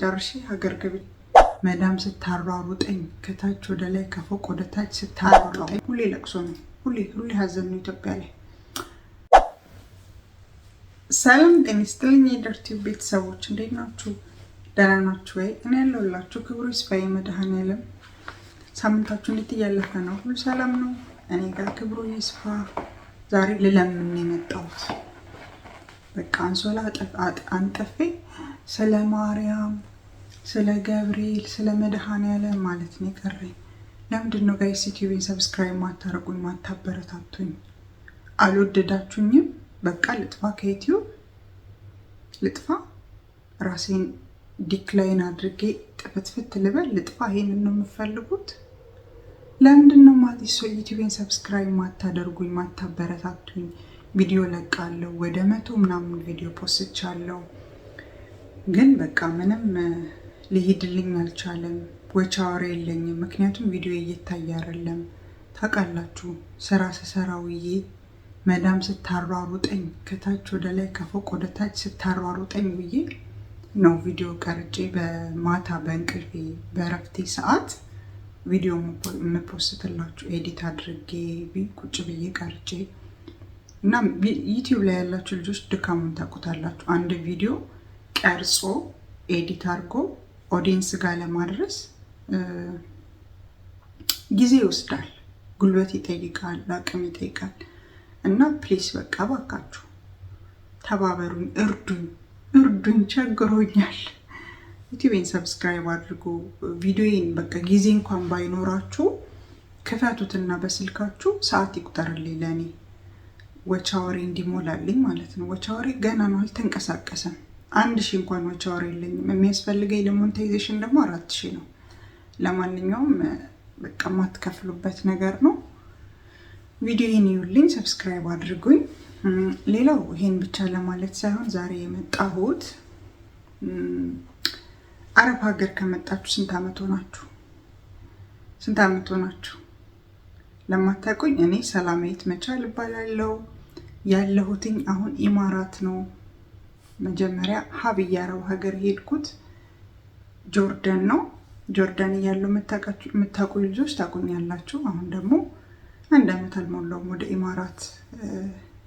ጨርሼ ሀገር ገብቼ መዳም ስታሯሩጠኝ ከታች ወደ ላይ ከፎቅ ወደ ታች ስታሯሩጠኝ፣ ሁሌ ለቅሶ ነው፣ ሁሌ ሁሌ ሀዘን ነው ኢትዮጵያ ላይ። ሰላም ጤና ይስጥልኝ የደርቲው ቤተሰቦች እንዴት ናችሁ? ደህና ናችሁ ወይ? እኔ ያለሁላችሁ ክብሩ ይስፋ መድኃኔዓለም። ሳምንታችሁ እንዴት እያለፈ ነው? ሁሉ ሰላም ነው? እኔ ጋር ክብሩ ይስፋ። ዛሬ ልለምን የመጣሁት በቃ አንሶላ አንጥፌ ስለ ማርያም፣ ስለ ገብርኤል፣ ስለ መድኃኔዓለም ማለት ነው የቀረኝ። ለምንድን ነው ጋይስ ዩቲዩብን ሰብስክራይብ ማታረጉኝ ማታበረታቱኝ? አልወደዳችሁኝም? በቃ ልጥፋ ከዩቲዩብ ልጥፋ፣ ራሴን ዲክላይን አድርጌ ጥፍትፍት ልበል፣ ልጥፋ? ይሄንን ነው የምፈልጉት? ለምንድን ነው ማቲ ዩቲዩብን ሰብስክራይብ ማታደርጉኝ ማታበረታቱኝ? ቪዲዮ ለቃለሁ። ወደ መቶ ምናምን ቪዲዮ ፖስትቻለሁ። ግን በቃ ምንም ሊሄድልኝ አልቻለም። ወቻወር የለኝም። ምክንያቱም ቪዲዮ እየታየ አይደለም። ታውቃላችሁ ስራ ስሰራ ውዬ መዳም ስታሯሩጠኝ ከታች ወደ ላይ ከፎቅ ወደ ታች ስታሯሩጠኝ ውዬ ነው ቪዲዮ ቀርጬ በማታ በእንቅልፌ በእረፍቴ ሰዓት ቪዲዮ የምፖስትላችሁ ኤዲት አድርጌ ቁጭ ብዬ ቀርጬ እና ዩቲዩብ ላይ ያላችሁ ልጆች ድካሙን ታውቁታላችሁ። አንድ ቪዲዮ ቀርጾ ኤዲት አድርጎ ኦዲየንስ ጋር ለማድረስ ጊዜ ይወስዳል፣ ጉልበት ይጠይቃል፣ አቅም ይጠይቃል። እና ፕሌስ በቃ ባካችሁ ተባበሩን፣ እርዱኝ፣ እርዱኝ ቸግሮኛል። ዩቲዩቤን ሰብስክራይብ አድርጉ። ቪዲዮዬን በቃ ጊዜ እንኳን ባይኖራችሁ ክፈቱትና በስልካችሁ ሰዓት ይቁጠርልኝ ለእኔ ወቻወሬ እንዲሞላልኝ ማለት ነው። ወቻወሬ ገና ነው አልተንቀሳቀሰም። አንድ ሺ እንኳን ወቻወሬ የለኝም። የሚያስፈልገኝ ለሞንታይዜሽን ደግሞ አራት ሺ ነው። ለማንኛውም በቃ የማትከፍሉበት ነገር ነው። ይህን ይዩልኝ፣ ሰብስክራይብ አድርጉኝ። ሌላው ይሄን ብቻ ለማለት ሳይሆን ዛሬ የመጣሁት አረብ ሀገር ከመጣችሁ ስንት ዓመት ሆናችሁ? ስንት ዓመት ሆናችሁ? ለማታውቁኝ እኔ ሰላማዊት መቻል እባላለሁ። ያለሁትኝ አሁን ኢማራት ነው። መጀመሪያ ሀብያ አረብ ሀገር ሄድኩት ጆርደን ነው። ጆርዳን እያለሁ የምታውቁ ልጆች ያላችሁ። አሁን ደግሞ አንድ አመት አልሞላውም ወደ ኢማራት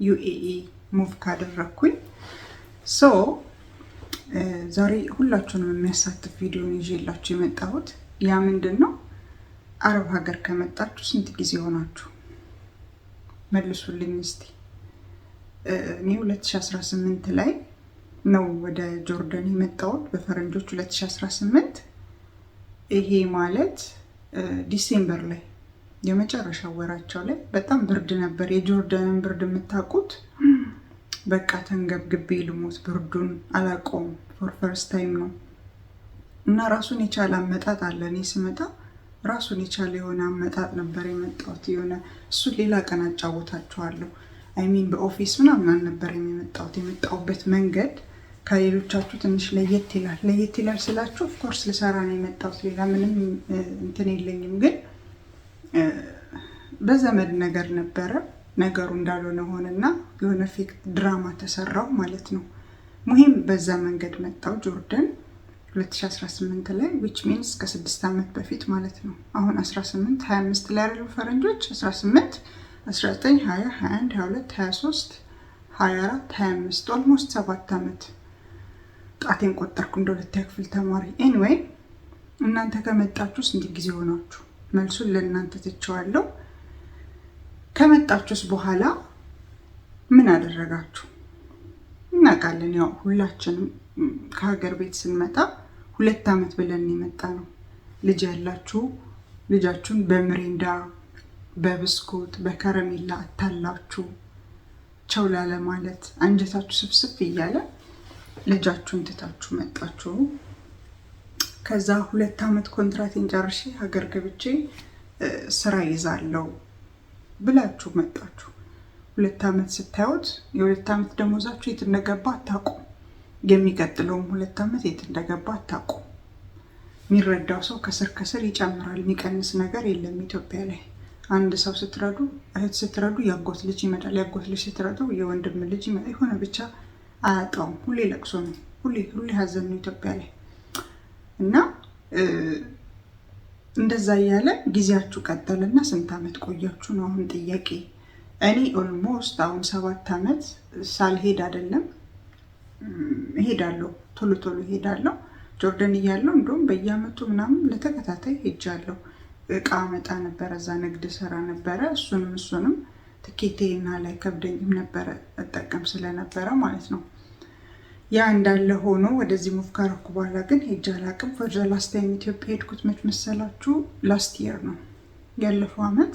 ዩኤኢ ሙቭ ካደረግኩኝ ሶ ዛሬ ሁላችሁንም የሚያሳትፍ ቪዲዮ ይዤላችሁ የመጣሁት ያ ምንድን ነው፣ አረብ ሀገር ከመጣችሁ ስንት ጊዜ ሆናችሁ? መልሱልኝ እስቲ። እኔ 2018 ላይ ነው ወደ ጆርደን የመጣሁት በፈረንጆች 2018። ይሄ ማለት ዲሴምበር ላይ የመጨረሻ ወራቸው ላይ በጣም ብርድ ነበር። የጆርደንን ብርድ የምታውቁት በቃ ተንገብግቤ ልሞት፣ ብርዱን አላውቀውም። ፎር ፈርስት ታይም ነው እና ራሱን የቻለ አመጣጥ አለ። እኔ ስመጣ ራሱን የቻለ የሆነ አመጣጥ ነበር የመጣሁት። የሆነ እሱን ሌላ ቀን አጫወታችኋለሁ። አይሚን በኦፊስ ምናምን አልነበር የሚመጣሁት። የመጣሁበት መንገድ ከሌሎቻችሁ ትንሽ ለየት ይላል። ለየት ይላል ስላችሁ ኦፍኮርስ ልሰራ ነው የመጣሁት። ሌላ ምንም እንትን የለኝም። ግን በዘመድ ነገር ነበረ ነገሩ እንዳልሆነ ሆነና የሆነ ፌክ ድራማ ተሰራው ማለት ነው። ሙሂም በዛ መንገድ መጣው ጆርደን 2018 ላይ ዊች ሚንስ ከስድስት ዓመት በፊት ማለት ነው። አሁን 18 25 ላይ ያሉ ፈረንጆች 18 19 20 21 22 23 24 25 ኦልሞስት 7 ዓመት ጣቴን ቆጠርኩ እንደ ሁለተኛ ክፍል ተማሪ ኤኒዌይ እናንተ ከመጣችሁ ስንት ጊዜ ሆናችሁ መልሱን ለእናንተ ትቼዋለሁ ከመጣችሁስ በኋላ ምን አደረጋችሁ እናውቃለን ያው ሁላችንም ከሀገር ቤት ስንመጣ ሁለት ዓመት ብለን የመጣ ነው ልጅ ያላችሁ ልጃችሁን በምሬንዳ በብስኩት በከረሜላ አታላችሁ ቸው ማለት አንጀታችሁ ስብስብ እያለ ልጃችሁን ትታችሁ መጣችሁ። ከዛ ሁለት ዓመት ኮንትራቴን ጨርሼ ሀገር ገብቼ ስራ ይዛለው ብላችሁ መጣችሁ። ሁለት ዓመት ስታዩት የሁለት ዓመት ደሞዛችሁ የት እንደገባ አታውቁም። የሚቀጥለውም ሁለት ዓመት የት እንደገባ አታውቁም። የሚረዳው ሰው ከስር ከስር ይጨምራል። የሚቀንስ ነገር የለም ኢትዮጵያ ላይ። አንድ ሰው ስትረዱ፣ እህት ስትረዱ የአጎት ልጅ ይመጣል። ያጎት ልጅ ስትረዱ የወንድም ልጅ ይመጣል። የሆነ ብቻ አያጣውም። ሁሌ ለቅሶ ነው፣ ሁሌ ሁሌ ሀዘን ነው ኢትዮጵያ ላይ እና እንደዛ እያለ ጊዜያችሁ ቀጠልና ስንት ዓመት ቆያችሁ ነው አሁን ጥያቄ። እኔ ኦልሞስት አሁን ሰባት ዓመት ሳልሄድ አይደለም እሄዳለሁ፣ ቶሎ ቶሎ እሄዳለሁ። ጆርደን እያለሁ እንዲሁም በየአመቱ ምናምን ለተከታታይ ሄጃለሁ። እቃ መጣ ነበረ፣ እዛ ንግድ ሰራ ነበረ። እሱንም እሱንም ትኬቴና ላይ ከብደኝም ነበረ እጠቀም ስለነበረ ማለት ነው። ያ እንዳለ ሆኖ ወደዚህ ሙቭ ካረኩ በኋላ ግን ሄጄ አላቅም። ላስት ታይም ኢትዮጵያ ሄድኩት መች መሰላችሁ? ላስት የር ነው ያለፈው አመት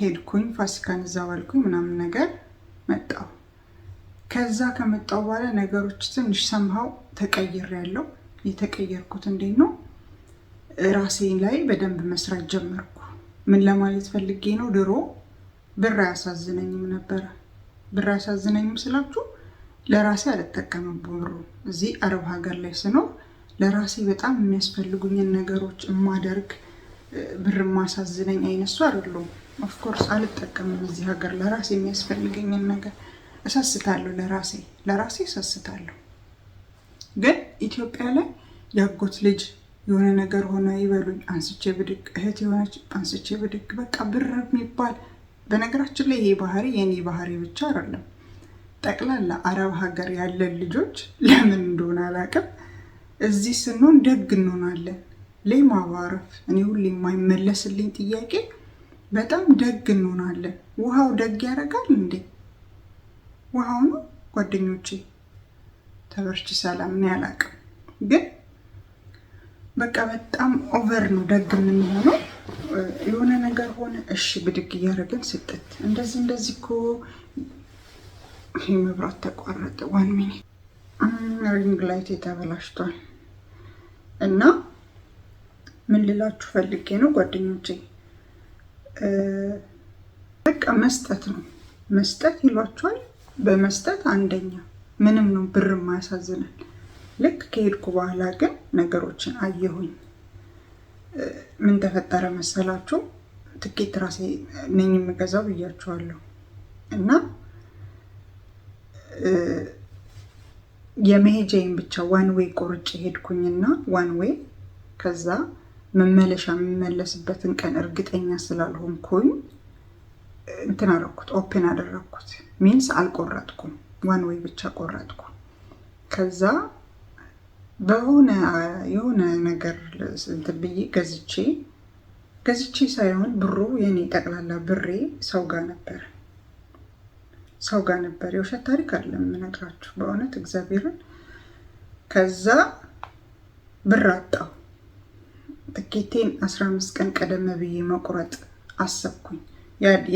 ሄድኩኝ፣ ፋሲካን እዛ ባልኩኝ ምናምን ነገር መጣው ከዛ ከመጣው በኋላ ነገሮች ትንሽ ሰምሃው ተቀይር ያለው የተቀየርኩት እንዴት ነው ራሴ ላይ በደንብ መስራት ጀመርኩ። ምን ለማለት ፈልጌ ነው? ድሮ ብር አያሳዝነኝም ነበረ። ብር አያሳዝነኝም ስላችሁ ለራሴ አልጠቀምም ብሩ። እዚህ አረብ ሀገር ላይ ስኖር ለራሴ በጣም የሚያስፈልጉኝን ነገሮች የማደርግ ብር የማሳዝነኝ አይነሱ አይደሉም። ኦፍኮርስ አልጠቀምም። እዚህ ሀገር ለራሴ የሚያስፈልገኝን ነገር እሰስታለሁ። ለራሴ ለራሴ እሰስታለሁ። ግን ኢትዮጵያ ላይ ያጎት ልጅ የሆነ ነገር ሆነ ይበሉኝ፣ አንስቼ ብድግ እህት የሆነች አንስቼ ብድግ በቃ ብር የሚባል በነገራችን ላይ ይሄ ባህሪ የኔ ባህሪ ብቻ አይደለም። ጠቅላላ አረብ ሀገር ያለን ልጆች ለምን እንደሆነ አላውቅም፣ እዚህ ስንሆን ደግ እንሆናለን። ላይ ማባረፍ እኔ ሁሌ የማይመለስልኝ ጥያቄ በጣም ደግ እንሆናለን። ውሃው ደግ ያደርጋል እንዴ? ውሃው ነው ጓደኞቼ። ተበርች ሰላም ነው ያላቅም ግን በቃ በጣም ኦቨር ነው ደግ የምንሆነው። የሆነ ነገር ሆነ እሺ ብድግ እያደረገን ስጠት እንደዚህ እንደዚህ እኮ መብራት ተቋረጠ። ዋን ሚኒት ሪንግ ላይት የተበላሽቷል እና ምን ልላችሁ ፈልጌ ነው ጓደኞቼ፣ በቃ መስጠት ነው መስጠት ይሏችኋል። በመስጠት አንደኛ ምንም ነው ብር ማያሳዝናል ልክ ከሄድኩ በኋላ ግን ነገሮችን አየሁኝ። ምን ተፈጠረ መሰላችሁ? ትኬት ራሴ ነኝ የምገዛው ብያችኋለሁ። እና የመሄጃዬን ብቻ ዋን ዌይ ቆርጬ ሄድኩኝና ዋን ዌይ ከዛ መመለሻ የምመለስበትን ቀን እርግጠኛ ስላልሆንኩኝ እንትን አደረኩት፣ ኦፕን አደረኩት። ሚንስ አልቆረጥኩም፣ ዋን ዌይ ብቻ ቆረጥኩ። ከዛ በሆነ የሆነ ነገር እንትን ብዬ ገዝቼ ገዝቼ ሳይሆን ብሩ የኔ ጠቅላላ ብሬ ሰው ጋር ነበር፣ ሰው ጋር ነበር። የውሸት ታሪክ አይደለም የምነግራችሁ በእውነት እግዚአብሔርን። ከዛ ብር አጣው። ትኬቴን አስራ አምስት ቀን ቀደም ብዬ መቁረጥ አሰብኩኝ።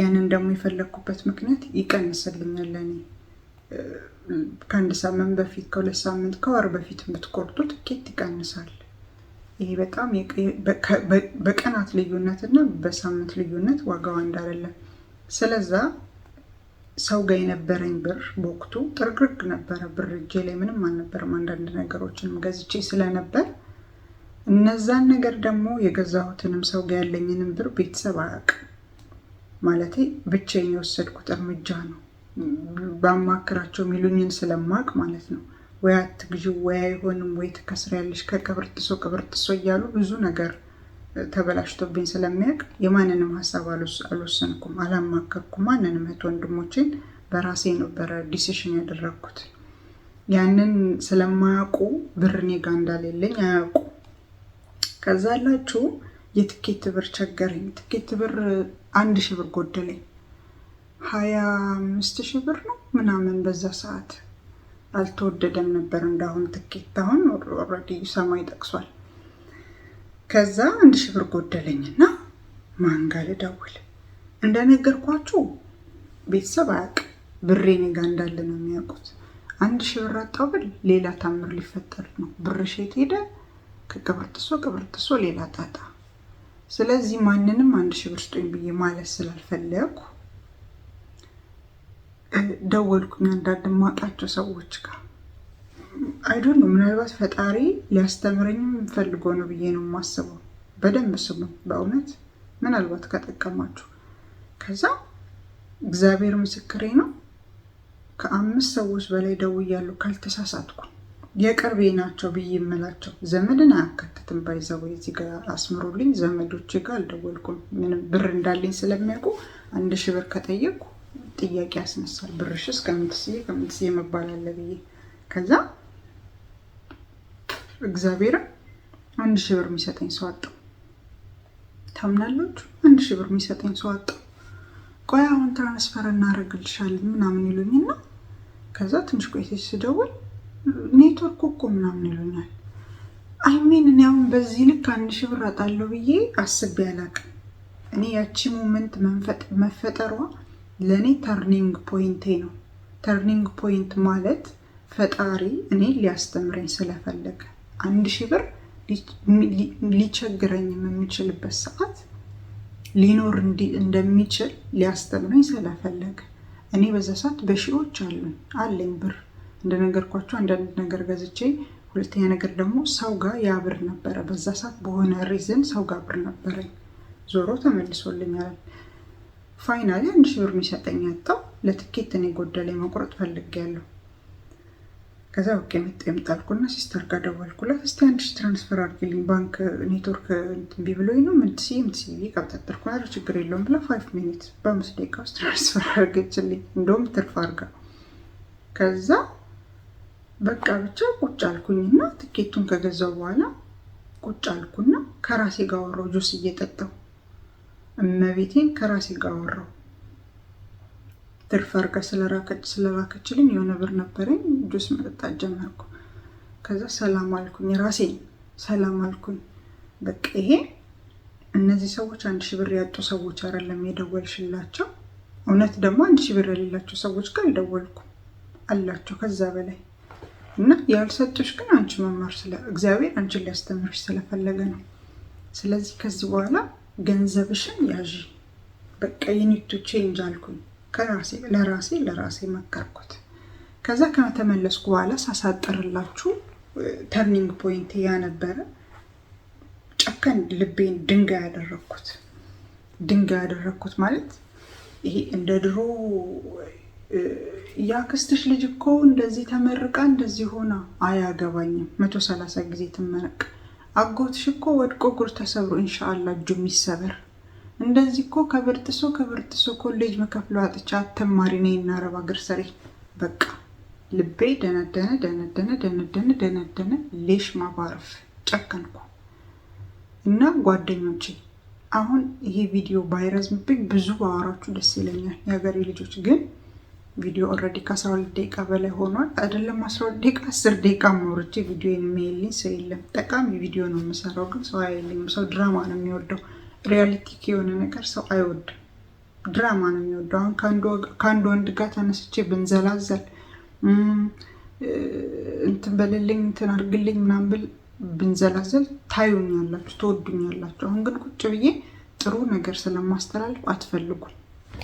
ያንን ደግሞ የፈለግኩበት ምክንያት ይቀንስልኛል ለእኔ ከአንድ ሳምንት በፊት ከሁለት ሳምንት ከወር በፊት ብትቆርጡ ትኬት ይቀንሳል። ይሄ በጣም በቀናት ልዩነት እና በሳምንት ልዩነት ዋጋው አንድ አይደለም። ስለዛ ሰው ጋር የነበረኝ ብር በወቅቱ ጥርግርግ ነበረ። ብር እጄ ላይ ምንም አልነበረም። አንዳንድ ነገሮችንም ገዝቼ ስለነበር እነዛን ነገር ደግሞ የገዛሁትንም ሰው ጋር ያለኝንም ብር ቤተሰብ አያውቅም። ማለቴ ብቻዬን የወሰድኩት እርምጃ ነው። ባማክራቸው የሚሉኝን ስለማቅ ማለት ነው። ወይ አትግዢው፣ ወይ አይሆንም፣ ወይ ያለሽ ከቅብርጥሶ ቅብርጥሶ እያሉ ብዙ ነገር ተበላሽቶብኝ ስለሚያውቅ የማንንም ሀሳብ አልወሰንኩም፣ አላማከርኩም። ማንንም እህት ወንድሞቼን በራሴ ነበረ ዲሲሽን ያደረግኩት። ያንን ስለማያውቁ ብር እኔ ጋ እንዳሌለኝ አያውቁ። ከዛ የትኬት ብር ቸገረኝ። ትኬት ብር አንድ ሺህ ብር ጎደለኝ። ሀያ አምስት ሺህ ብር ነው ምናምን በዛ ሰዓት አልተወደደም ነበር እንዳሁን ትኬት። አሁን ኦልሬዲ ሰማይ ጠቅሷል። ከዛ አንድ ሺህ ብር ጎደለኝና ማን ጋር ልደውል? እንደነገርኳችሁ ቤተሰብ አያውቅም፣ ብሬ እኔ እንዳለ ነው የሚያውቁት። አንድ ሺህ ብር አጣሁ ብል ሌላ ታምር ሊፈጠር ነው። ብር ሼት ሄደ ከቅብርጥሶ ቅብርጥሶ ሌላ ጣጣ። ስለዚህ ማንንም አንድ ሺህ ብር ስጡኝ ብዬ ማለት ስላልፈለግኩ ደወልኩኝ አንዳንድ ማጣቸው ሰዎች ጋር አይዶን ነው። ምናልባት ፈጣሪ ሊያስተምረኝ የምፈልገው ነው ብዬ ነው የማስበው። በደንብ ስሙ፣ በእውነት ምናልባት ከጠቀማችሁ። ከዛ እግዚአብሔር ምስክሬ ነው ከአምስት ሰዎች በላይ ደውያለሁ ካልተሳሳትኩ። የቅርቤ ናቸው ብዬ የምላቸው ዘመድን አያካትትም። ባይዘው እዚህ ጋ አስምሮልኝ። ዘመዶቼ ጋር አልደወልኩም፣ ምንም ብር እንዳለኝ ስለሚያውቁ አንድ ሺህ ብር ከጠየቅኩ ጥያቄ ያስነሳል። ብርሽስ ከምንትስዬ ከምንትስዬ መባል አለ ብዬ ከዛ እግዚአብሔር አንድ ሺህ ብር የሚሰጠኝ ሰው አጣሁ። ታምናለች። አንድ ሺህ ብር የሚሰጠኝ ሰው አጣሁ። ቆይ አሁን ትራንስፈር እናደርግልሻለን ምናምን ይሉኝና ከዛ ትንሽ ቆይቼ ስደውል ኔትወርክ እኮ ምናምን ይሉኛል። አይሜን እኔ አሁን በዚህ ልክ አንድ ሺህ ብር አጣለሁ ብዬ አስቤ አላውቅም። እኔ ያቺ ሞመንት መፈጠሯ ለእኔ ተርኒንግ ፖይንቴ ነው። ተርኒንግ ፖይንት ማለት ፈጣሪ እኔ ሊያስተምረኝ ስለፈለገ አንድ ሺህ ብር ሊቸግረኝም የሚችልበት ሰዓት ሊኖር እንደሚችል ሊያስተምረኝ ስለፈለገ እኔ በዛ ሰዓት በሺዎች አሉኝ አለኝ ብር እንደነገርኳቸው አንዳንድ ነገር ገዝቼ ሁለተኛ ነገር ደግሞ ሰው ጋር ያብር ነበረ። በዛ ሰዓት በሆነ ሪዝን ሰው ጋር ብር ነበረኝ ዞሮ ተመልሶልኛል። ፋይናሊ አንድ ሺህ ብር የሚሰጠኝ ያጣው ለትኬት እኔ ጎደለ መቁረጥ ፈልጌያለሁ። ከዛ በቃ የመጣ የምጣልኩና ሲስተር ጋር ደወልኩላት። እስቲ አንድ ሺህ ትራንስፈር አድርግልኝ ባንክ ኔትወርክ እምቢ ብሎኝ ነው ምንትሲ ምትሲ ቀብጠጠርኩ ና ችግር የለውም ብላ ፋይቭ ሚኒት በአምስት ደቂቃ ውስጥ ትራንስፈር አድርገችልኝ። እንደውም ትርፍ አድርጋ ከዛ በቃ ብቻ ቁጭ አልኩኝና ትኬቱን ከገዛው በኋላ ቁጭ አልኩና ከራሴ ጋር ወረው ጁስ እየጠጣው እመቤቴን ከራሴ ጋር አወራሁ። ትርፍ አርጋ ስለራከች ስለላከችልኝ የሆነ ብር ነበረኝ። ጁስ መጠጣት ጀመርኩ። ከዛ ሰላም አልኩኝ፣ ራሴ ሰላም አልኩኝ። በቃ ይሄ እነዚህ ሰዎች አንድ ሺ ብር ያጡ ሰዎች አይደለም የደወልሽላቸው። እውነት ደግሞ አንድ ሺ ብር የሌላቸው ሰዎች ጋር አልደወልኩም አላቸው ከዛ በላይ እና ያልሰጡሽ ግን አንቺ መማር ስለ እግዚአብሔር አንቺን ሊያስተምርሽ ስለፈለገ ነው። ስለዚህ ከዚህ በኋላ ገንዘብሽን ያዥ በቃ ቼንጅ አልኩኝ ከራሴ ለራሴ ለራሴ መከርኩት። ከዛ ከተመለስኩ በኋላ ሳሳጥርላችሁ ተርኒንግ ፖይንት ያነበረ ጨከን ልቤን ድንጋይ ያደረግኩት ድንጋይ ያደረግኩት ማለት ይሄ እንደ ድሮ ያክስትሽ ልጅ እኮ እንደዚህ ተመርቃ እንደዚህ ሆና አያገባኝም። መቶ ሰላሳ ጊዜ ትመረቅ አጎትሽ እኮ ወድቆ እግር ተሰብሮ እንሻአላ እጁ የሚሰበር እንደዚህ እኮ ከብርጥሶ ከብርጥሶ ኮሌጅ መከፍሎ አጥቻ ተማሪ ነኝ እና አረብ አገር ሰሪ በቃ ልቤ ደነደነ ደነደነ ደነደነ ደነደነ ሌሽ ማባረፍ ጨከንኩ እና ጓደኞቼ አሁን ይሄ ቪዲዮ ባይረዝምብኝ ብዙ ባወራችሁ ደስ ይለኛል። የሀገሬ ልጆች ግን ቪዲዮ ኦልሬዲ ከ12 ደቂቃ በላይ ሆኗል። አይደለም 12 ደቂቃ 10 ደቂቃ ማውርቼ ቪዲዮ የሚያይልኝ ሰው የለም። ጠቃሚ ቪዲዮ ነው የምሰራው፣ ግን ሰው አይልኝም። ሰው ድራማ ነው የሚወደው። ሪያሊቲ የሆነ ነገር ሰው አይወድም። ድራማ ነው የሚወደው። አሁን ከአንድ ወንድ ጋር ተነስቼ ብንዘላዘል እንትን በልልኝ እንትን አድርግልኝ ምናምን ብል ብንዘላዘል ታዩኛላችሁ፣ ትወዱኛላችሁ። አሁን ግን ቁጭ ብዬ ጥሩ ነገር ስለማስተላልፍ አትፈልጉም።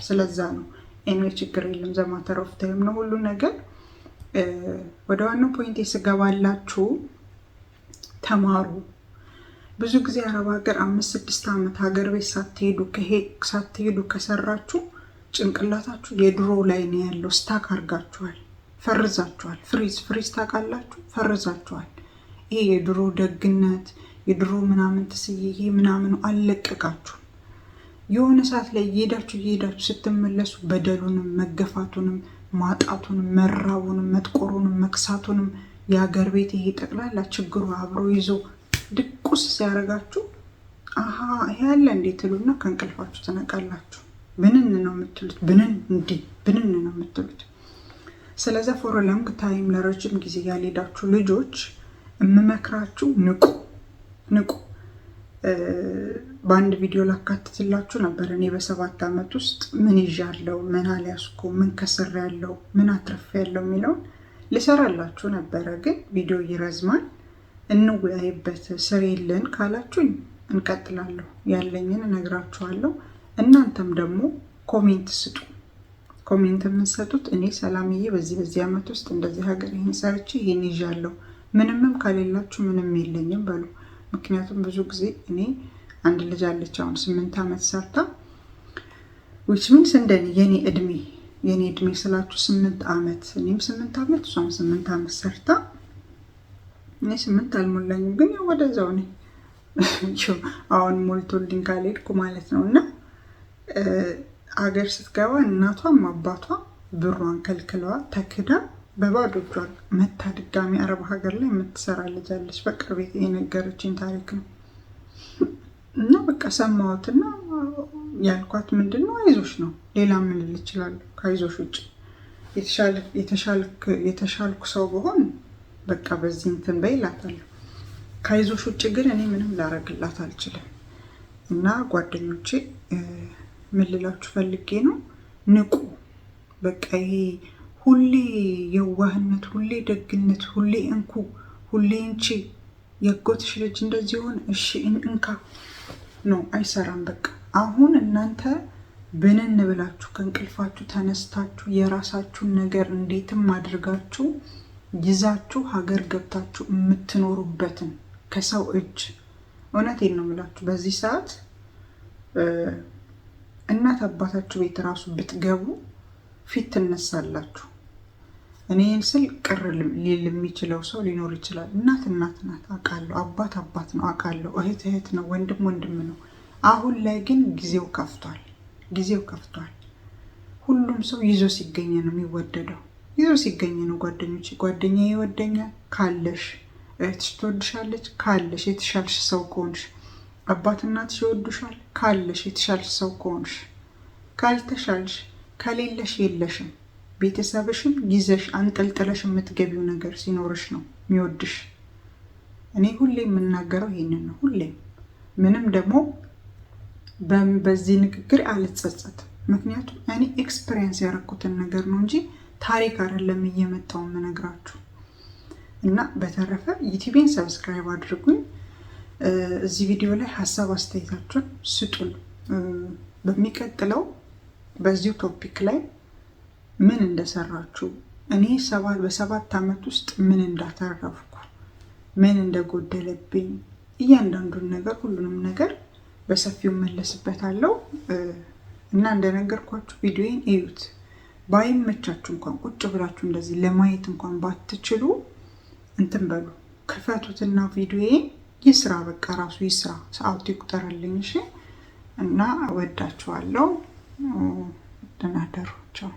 ስለዛ ነው ኤኒዌይ ችግር የለም። ዘማተር ኦፍ ታይም ነው ሁሉ ነገር። ወደ ዋናው ፖይንት ስገባላችሁ ተማሩ። ብዙ ጊዜ አረብ ሀገር አምስት ስድስት ዓመት ሀገር ቤት ሳትሄዱ ሳትሄዱ ከሰራችሁ ጭንቅላታችሁ የድሮ ላይ ነው ያለው። ስታክ አርጋችኋል፣ ፈርዛችኋል። ፍሪዝ ፍሪዝ ታውቃላችሁ፣ ፈርዛችኋል። ይሄ የድሮ ደግነት የድሮ ምናምን ትስዬ ይሄ ምናምኑ የሆነ ሰዓት ላይ እየሄዳችሁ እየሄዳችሁ ስትመለሱ በደሉንም መገፋቱንም ማጣቱንም መራቡንም መጥቆሩንም መክሳቱንም የሀገር ቤት ይሄ ጠቅላላ ችግሩ አብሮ ይዞ ድቁስ ሲያደርጋችሁ አሀ ይሄ ያለ እንዴት ትሉና ከእንቅልፋችሁ ትነቃላችሁ። ብንን ነው የምትሉት። ብንን እንዲ ብንን ነው የምትሉት። ስለዚ ፎር ሎንግ ታይም ለረጅም ጊዜ ያልሄዳችሁ ልጆች የምመክራችሁ ንቁ ንቁ በአንድ ቪዲዮ ላካትትላችሁ ነበር። እኔ በሰባት ዓመት ውስጥ ምን ይዣለሁ፣ ምን አልያዝኩ፣ ምን ከስር ያለው፣ ምን አትረፍ ያለው የሚለውን ልሰራላችሁ ነበረ። ግን ቪዲዮ ይረዝማል። እንወያይበት ስር የለን ካላችሁኝ እንቀጥላለሁ። ያለኝን እነግራችኋለሁ። እናንተም ደግሞ ኮሜንት ስጡ። ኮሜንት የምንሰጡት እኔ ሰላምዬ በዚህ በዚህ ዓመት ውስጥ እንደዚህ ሀገር ይህን ሰርቼ ይህን ይዣለሁ፣ ምንምም ከሌላችሁ ምንም የለኝም በሉ ምክንያቱም ብዙ ጊዜ እኔ አንድ ልጅ አለች አሁን ስምንት ዓመት ሰርታ ዊች ሚንስ እንደኔ የኔ እድሜ የኔ እድሜ ስላችሁ ስምንት ዓመት እኔም ስምንት ዓመት እሷም ስምንት ዓመት ሰርታ እኔ ስምንት አልሞላኝም፣ ግን ያው ወደዛው ነኝ። አሁን ሞልቶልኝ ካልሄድኩ ማለት ነው። እና አገር ስትገባ እናቷም አባቷ ብሯን ከልክለዋ ተክዳ በባዶ እጇ መታ ድጋሚ አረብ ሀገር ላይ የምትሰራ ልጅ አለች። ቤት የነገረችኝ ታሪክ ነው እና በቃ ሰማሁትና ያልኳት ምንድን ነው አይዞሽ ነው ሌላ ምን ልል እችላለሁ ከአይዞሽ ውጭ የተሻልኩ ሰው በሆን በቃ በዚህ እንትን በይላታለሁ። ከአይዞሽ ውጭ ግን እኔ ምንም ላረግላት አልችልም። እና ጓደኞቼ ምን ልላችሁ ፈልጌ ነው ንቁ በቃ ይሄ ሁሌ የዋህነት፣ ሁሌ ደግነት፣ ሁሌ እንኩ፣ ሁሌ እንቺ የጎትሽ ልጅ እንደዚህ ሆን እሺ እንካ ነው አይሰራም። በቃ አሁን እናንተ ብንን ብላችሁ ከእንቅልፋችሁ ተነስታችሁ የራሳችሁን ነገር እንዴትም አድርጋችሁ ይዛችሁ ሀገር ገብታችሁ የምትኖሩበትን ከሰው እጅ እውነቴን ነው የምላችሁ። በዚህ ሰዓት እናት አባታችሁ ቤት ራሱ ብትገቡ ፊት ትነሳላችሁ። እኔን ስል ቅር ሊል የሚችለው ሰው ሊኖር ይችላል። እናት እናት ናት አውቃለሁ። አባት አባት ነው አውቃለሁ። እህት እህት ነው። ወንድም ወንድም ነው። አሁን ላይ ግን ጊዜው ከፍቷል። ጊዜው ከፍቷል። ሁሉም ሰው ይዞ ሲገኝ ነው የሚወደደው። ይዞ ሲገኝ ነው ጓደኞች፣ ጓደኛ ይወደኛል ካለሽ፣ እህትሽ ትወድሻለች ካለሽ፣ የተሻልሽ ሰው ከሆንሽ፣ አባት እናትሽ ይወዱሻል ካለሽ፣ የተሻልሽ ሰው ከሆንሽ፣ ካልተሻልሽ ከሌለሽ የለሽም። ቤተሰብሽም ይዘሽ አንጠልጥለሽ የምትገቢው ነገር ሲኖርሽ ነው የሚወድሽ። እኔ ሁሌ የምናገረው ይሄንን ነው። ሁሌም ምንም ደግሞ በዚህ ንግግር አልጸጸትም። ምክንያቱም እኔ ኤክስፔሪየንስ ያደረኩትን ነገር ነው እንጂ ታሪክ አይደለም እየመጣው የምነግራችሁ። እና በተረፈ ዩቲቤን ሰብስክራይብ አድርጉኝ። እዚህ ቪዲዮ ላይ ሀሳብ አስተያየታችሁን ስጡን። በሚቀጥለው በዚሁ ቶፒክ ላይ ምን እንደሰራችሁ እኔ በሰባት ዓመት ውስጥ ምን እንዳተረፍኩ ምን እንደጎደለብኝ እያንዳንዱን ነገር ሁሉንም ነገር በሰፊው መለስበታለሁ እና እንደነገርኳችሁ ቪዲዮን እዩት። ባይመቻችሁ እንኳን ቁጭ ብላችሁ እንደዚህ ለማየት እንኳን ባትችሉ እንትን በሉ ክፈቱትና ቪዲዮዬን ይስራ፣ በቃ ራሱ ይስራ። ሰዓቱ ይቁጠርልኝ። እሺ። እና ወዳችኋለሁ። ደህና ደሩ። ቻው